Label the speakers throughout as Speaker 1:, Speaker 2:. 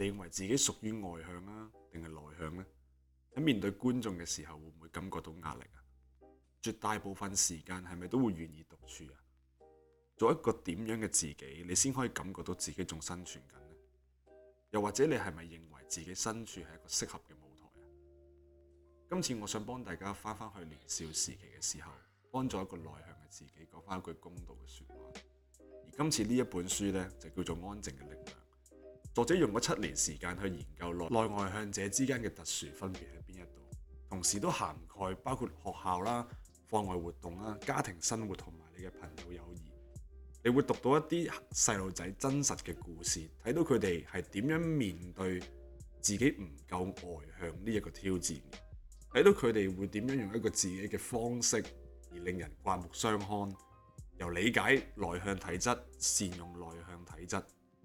Speaker 1: 你認為自己屬於外向啊，定係內向咧、啊？喺面對觀眾嘅時候，會唔會感覺到壓力啊？絕大部分時間係咪都會願意獨處啊？做一個點樣嘅自己，你先可以感覺到自己仲生存緊呢？又或者你係咪認為自己身處係一個適合嘅舞台啊？今次我想幫大家翻翻去年少時期嘅時候，安咗一個內向嘅自己，講翻一句公道嘅說話。而今次呢一本書咧，就叫做《安靜嘅力量》。作者用咗七年時間去研究內內外向者之間嘅特殊分別喺邊一度，同時都涵蓋包括學校啦、課外活動啦、家庭生活同埋你嘅朋友友誼。你會讀到一啲細路仔真實嘅故事，睇到佢哋係點樣面對自己唔夠外向呢一個挑戰，睇到佢哋會點樣用一個自己嘅方式而令人刮目相看，由理解內向體質，善用內向體質。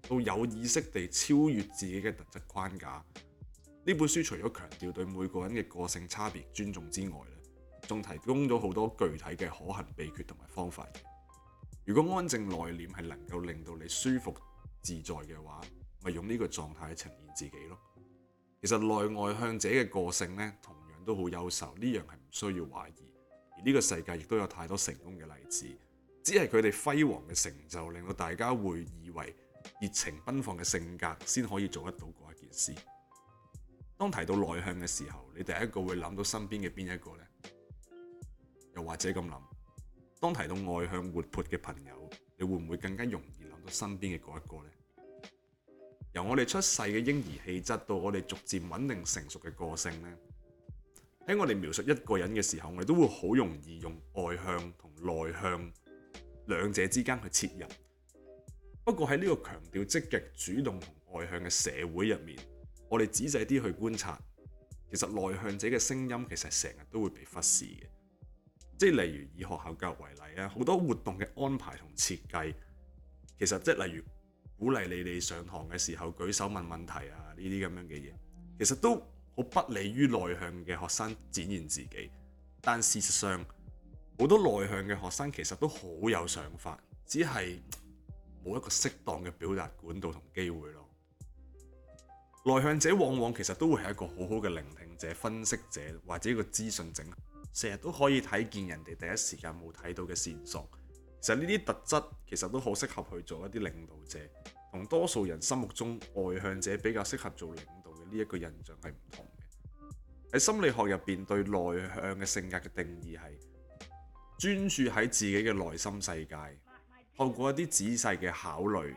Speaker 1: 到有意識地超越自己嘅特質框架，呢本書除咗強調對每個人嘅個性差別尊重之外咧，仲提供咗好多具體嘅可行秘訣同埋方法。如果安靜內斂係能夠令到你舒服自在嘅話，咪用呢個狀態來呈現自己咯。其實內外向者嘅個性咧，同樣都好優秀，呢樣係唔需要懷疑。而呢個世界亦都有太多成功嘅例子，只係佢哋輝煌嘅成就令到大家會以為。熱情奔放嘅性格先可以做得到嗰一件事。當提到內向嘅時候，你第一個會諗到身邊嘅邊一個呢？又或者咁諗，當提到外向活潑嘅朋友，你會唔會更加容易諗到身邊嘅嗰一個呢？由我哋出世嘅嬰兒氣質到我哋逐漸穩定成熟嘅個性呢，喺我哋描述一個人嘅時候，我哋都會好容易用外向同內向兩者之間去切入。不過喺呢個強調積極主動同外向嘅社會入面，我哋仔細啲去觀察，其實內向者嘅聲音其實成日都會被忽視嘅。即係例如以學校教育為例啦，好多活動嘅安排同設計，其實即係例如鼓勵你哋上堂嘅時候舉手問問題啊，呢啲咁樣嘅嘢，其實都好不利於內向嘅學生展現自己。但事實上，好多內向嘅學生其實都好有想法，只係冇一個適當嘅表達管道同機會咯。內向者往往其實都會係一個好好嘅聆聽者、分析者或者一個資訊整合，成日都可以睇見人哋第一時間冇睇到嘅線索。其實呢啲特質其實都好適合去做一啲領導者，同多數人心目中外向者比較適合做領導嘅呢一個印象係唔同嘅。喺心理學入邊對內向嘅性格嘅定義係專注喺自己嘅內心世界。透過一啲仔細嘅考慮、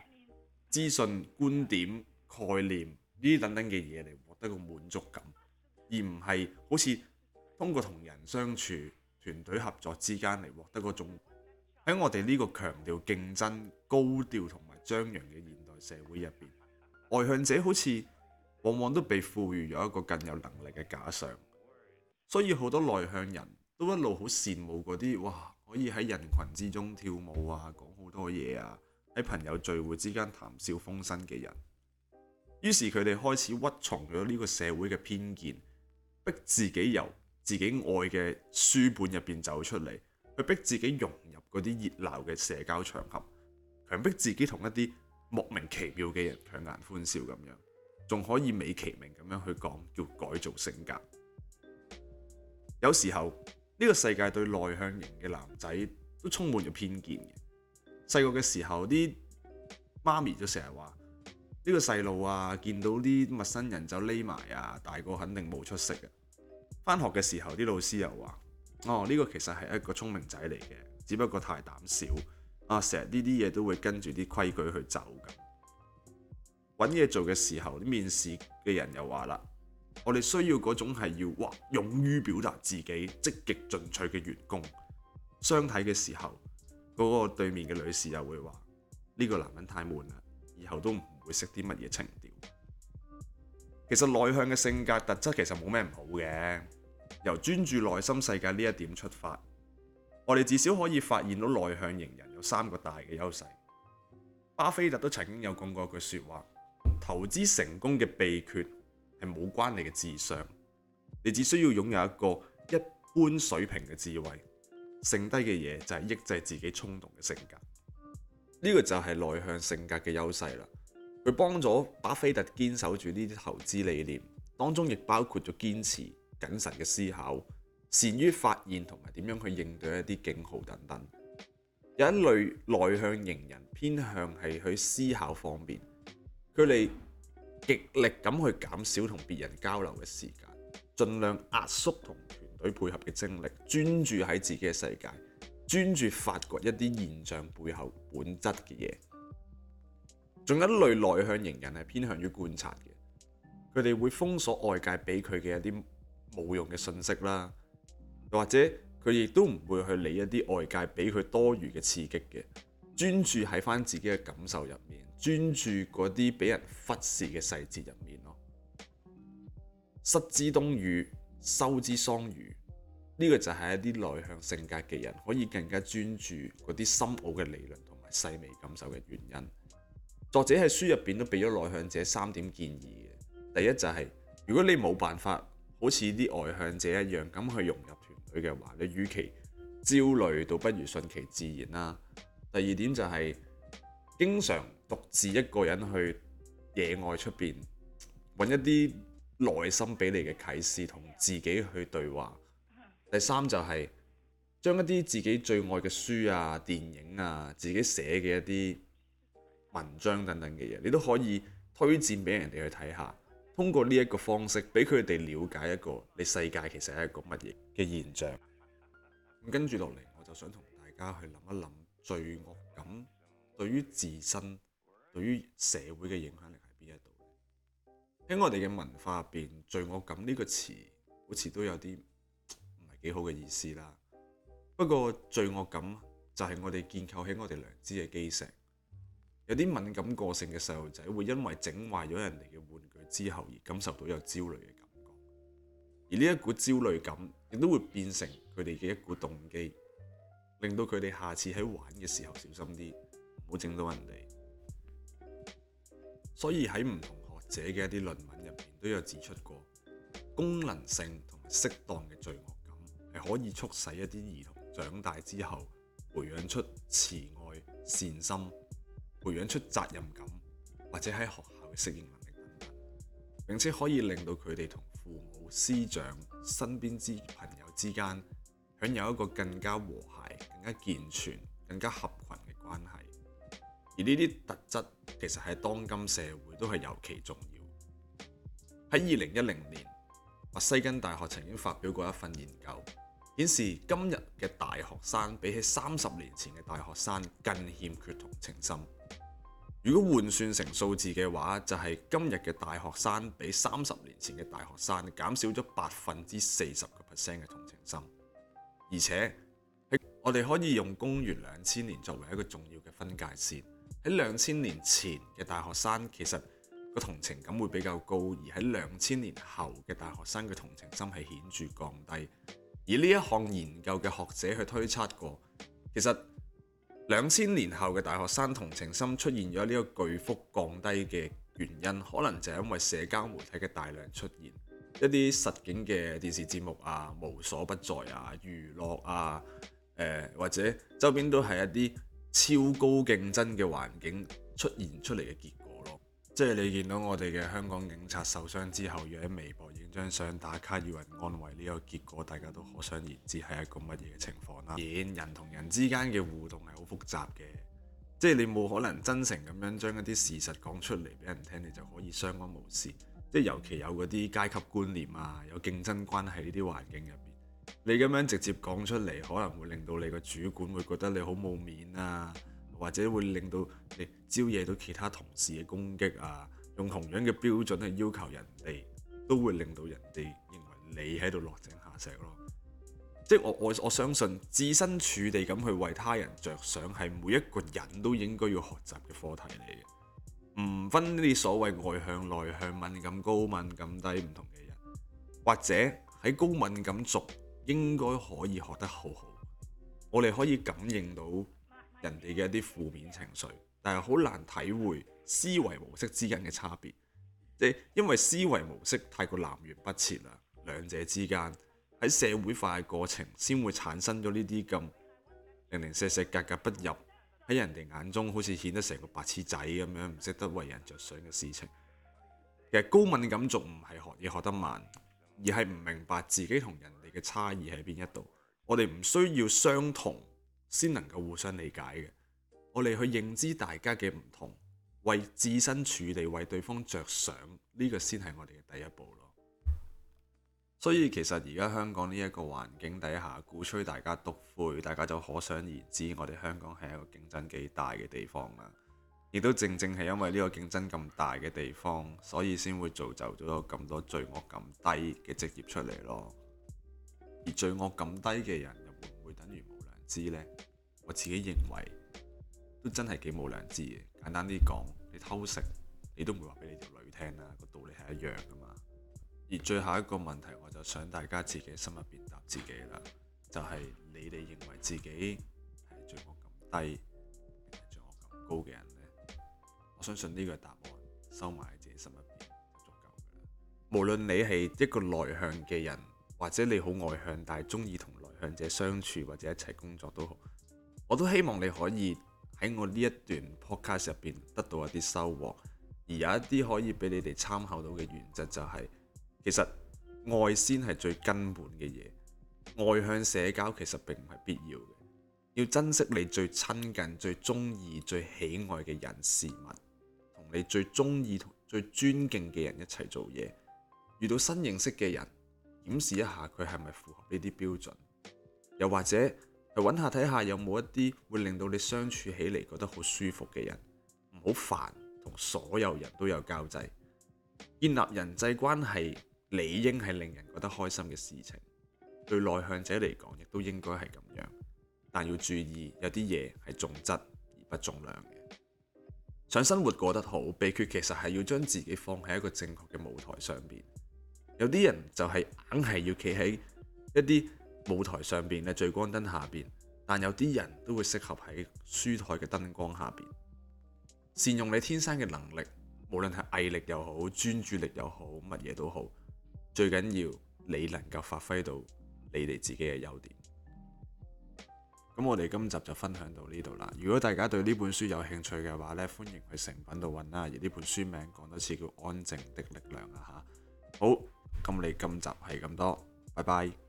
Speaker 1: 資訊、觀點、概念呢等等嘅嘢嚟獲得個滿足感，而唔係好似通過同人相處、團隊合作之間嚟獲得嗰種。喺我哋呢個強調競爭、高調同埋張揚嘅現代社會入邊，外向者好似往往都被賦予咗一個更有能力嘅假想。所以好多內向人都一路好羨慕嗰啲哇，可以喺人群之中跳舞啊，講好多嘢啊，喺朋友聚會之間談笑風生嘅人，於是佢哋開始屈從咗呢個社會嘅偏見，逼自己由自己愛嘅書本入邊走出嚟，去逼自己融入嗰啲熱鬧嘅社交場合，強逼自己同一啲莫名其妙嘅人強顏歡笑咁樣，仲可以美其名咁樣去講叫改造性格，有時候。呢個世界對內向型嘅男仔都充滿咗偏見嘅。細個嘅時候，啲媽咪就成日話：呢個細路啊，見到啲陌生人就匿埋啊，大個肯定冇出息嘅。翻學嘅時候，啲老師又話：哦，呢個其實係一個聰明仔嚟嘅，只不過太膽小啊，成日呢啲嘢都會跟住啲規矩去走嘅。揾嘢做嘅時候，啲面試嘅人又話啦。我哋需要嗰種係要哇，勇於表達自己、積極進取嘅員工。相睇嘅時候，嗰個對面嘅女士又會話：呢個男人太悶啦，以後都唔會識啲乜嘢情調。其實內向嘅性格特質其實冇咩唔好嘅。由專注內心世界呢一點出發，我哋至少可以發現到內向型人有三個大嘅優勢。巴菲特都曾經有講過一句說話：投資成功嘅秘訣。係冇關你嘅智商，你只需要擁有一個一般水平嘅智慧，剩低嘅嘢就係抑制自己衝動嘅性格。呢個就係內向性格嘅優勢啦，佢幫咗巴菲特堅守住呢啲投資理念，當中亦包括咗堅持、謹慎嘅思考、善於發現同埋點樣去應對一啲警號等等。有一類內向型人偏向係去思考方面，佢哋。極力咁去減少同別人交流嘅時間，盡量壓縮同團隊配合嘅精力，專注喺自己嘅世界，專注發掘一啲現象背後本質嘅嘢。仲有一類內向型人係偏向於觀察嘅，佢哋會封鎖外界俾佢嘅一啲冇用嘅信息啦，或者佢亦都唔會去理一啲外界俾佢多餘嘅刺激嘅。專注喺返自己嘅感受入面，專注嗰啲俾人忽視嘅細節入面咯。失之東隅，收之桑榆，呢個就係一啲內向性格嘅人可以更加專注嗰啲深奧嘅理論同埋細微感受嘅原因。作者喺書入邊都俾咗內向者三點建議嘅。第一就係如果你冇辦法好似啲外向者一樣咁去融入團隊嘅話，你與其焦慮，倒不如順其自然啦。第二點就係經常獨自一個人去野外出邊揾一啲內心俾你嘅啟示，同自己去對話。第三就係將一啲自己最愛嘅書啊、電影啊、自己寫嘅一啲文章等等嘅嘢，你都可以推薦俾人哋去睇下。通過呢一個方式，俾佢哋了解一個你世界其實係一個乜嘢嘅現象。咁跟住落嚟，我就想同大家去諗一諗。罪惡感對於自身、對於社會嘅影響力喺邊一度？喺我哋嘅文化入邊，罪惡感呢個詞好似都有啲唔係幾好嘅意思啦。不過罪惡感就係我哋建構起我哋良知嘅基石。有啲敏感個性嘅細路仔會因為整壞咗人哋嘅玩具之後而感受到有焦慮嘅感覺，而呢一股焦慮感亦都會變成佢哋嘅一股動機。令到佢哋下次喺玩嘅時候小心啲，唔好整到人哋。所以喺唔同學者嘅一啲論文入面都有指出過，功能性同適當嘅罪惡感係可以促使一啲兒童長大之後，培養出慈愛善心、培養出責任感，或者喺學校嘅適應能力等等，並且可以令到佢哋同父母、師長身邊之朋友之間。享有一個更加和諧、更加健全、更加合群嘅關係。而呢啲特質其實喺當今社會都係尤其重要。喺二零一零年，墨西根大學曾經發表過一份研究，顯示今日嘅大學生比起三十年前嘅大學生更欠缺同情心。如果換算成數字嘅話，就係今日嘅大學生比三十年前嘅大學生減少咗百分之四十個 percent 嘅同情心。而且我哋可以用公元兩千年作為一個重要嘅分界線，喺兩千年前嘅大學生其實個同情感會比較高，而喺兩千年後嘅大學生嘅同情心係顯著降低。而呢一項研究嘅學者去推測過，其實兩千年後嘅大學生同情心出現咗呢個巨幅降低嘅原因，可能就係因為社交媒體嘅大量出現。一啲實景嘅電視節目啊，無所不在啊，娛樂啊、呃，或者周邊都係一啲超高競爭嘅環境出現出嚟嘅結果咯。即係你見到我哋嘅香港警察受傷之後，要喺微博影張相打卡要人安慰呢個結果，大家都可想而知係一個乜嘢嘅情況啦。然人同人之間嘅互動係好複雜嘅，即係你冇可能真誠咁樣將一啲事實講出嚟俾人聽，你就可以相安無事。即係尤其有嗰啲階級觀念啊，有競爭關係呢啲環境入邊，你咁樣直接講出嚟，可能會令到你個主管會覺得你好冇面啊，或者會令到你招惹到其他同事嘅攻擊啊。用同樣嘅標準去要求人哋，都會令到人哋認為你喺度落井下石咯。即係我我我相信，置身處地咁去為他人着想，係每一個人都應該要學習嘅課題嚟嘅。唔分呢啲所謂外向內向敏、敏感高敏感低唔同嘅人，或者喺高敏感族應該可以學得好好。我哋可以感應到人哋嘅一啲負面情緒，但係好難體會思維模式之間嘅差別，即因為思維模式太過南轅北轍啦。兩者之間喺社會化嘅過程先會產生咗呢啲咁零零舍舍格格不入。喺人哋眼中好似顯得成個白痴仔咁樣，唔識得為人着想嘅事情。其實高敏感族唔係學嘢學得慢，而係唔明白自己同人哋嘅差異喺邊一度。我哋唔需要相同先能夠互相理解嘅。我哋去認知大家嘅唔同，為自身處地，為對方着想，呢、這個先係我哋嘅第一步咯。所以其實而家香港呢一個環境底下，鼓吹大家讀書，大家就可想而知，我哋香港係一個競爭幾大嘅地方啦。亦都正正係因為呢個競爭咁大嘅地方，所以先會造就咗咁多罪惡咁低嘅職業出嚟咯。而罪惡咁低嘅人，又會唔會等於無良知呢？我自己認為都真係幾無良知嘅。簡單啲講，你偷食，你都唔會話俾你條女聽啦。個道理係一樣噶嘛。而最後一個問題，我就想大家自己心入邊答自己啦。就係、是、你哋認為自己係罪惡感低，定係罪惡感高嘅人呢？我相信呢個答案收埋喺自己心入邊足夠嘅啦。無論你係一個內向嘅人，或者你好外向，但係中意同內向者相處，或者一齊工作都好，我都希望你可以喺我呢一段 podcast 入邊得到一啲收穫，而有一啲可以俾你哋參考到嘅原則就係、是。其實愛先係最根本嘅嘢，外向社交其實並唔係必要嘅。要珍惜你最親近、最中意、最喜愛嘅人事物，同你最中意同最尊敬嘅人一齊做嘢。遇到新認識嘅人，檢視一下佢係咪符合呢啲標準，又或者去揾下睇下有冇一啲會令到你相處起嚟覺得好舒服嘅人，唔好煩，同所有人都有交際，建立人際關係。理應係令人覺得開心嘅事情，對內向者嚟講亦都應該係咁樣。但要注意，有啲嘢係重質而不重量嘅。想生活過得好，秘訣其實係要將自己放喺一個正確嘅舞台上邊。有啲人就係硬係要企喺一啲舞台上邊嘅聚光燈下邊，但有啲人都會適合喺書枱嘅燈光下邊。善用你天生嘅能力，無論係毅力又好、專注力又好，乜嘢都好。最緊要你能夠發揮到你哋自己嘅優點。咁我哋今集就分享到呢度啦。如果大家對呢本書有興趣嘅話呢，歡迎去成品誠品度揾啦。而呢本書名講多次叫《安靜的力量》啊嚇。好，咁你今集係咁多，拜拜。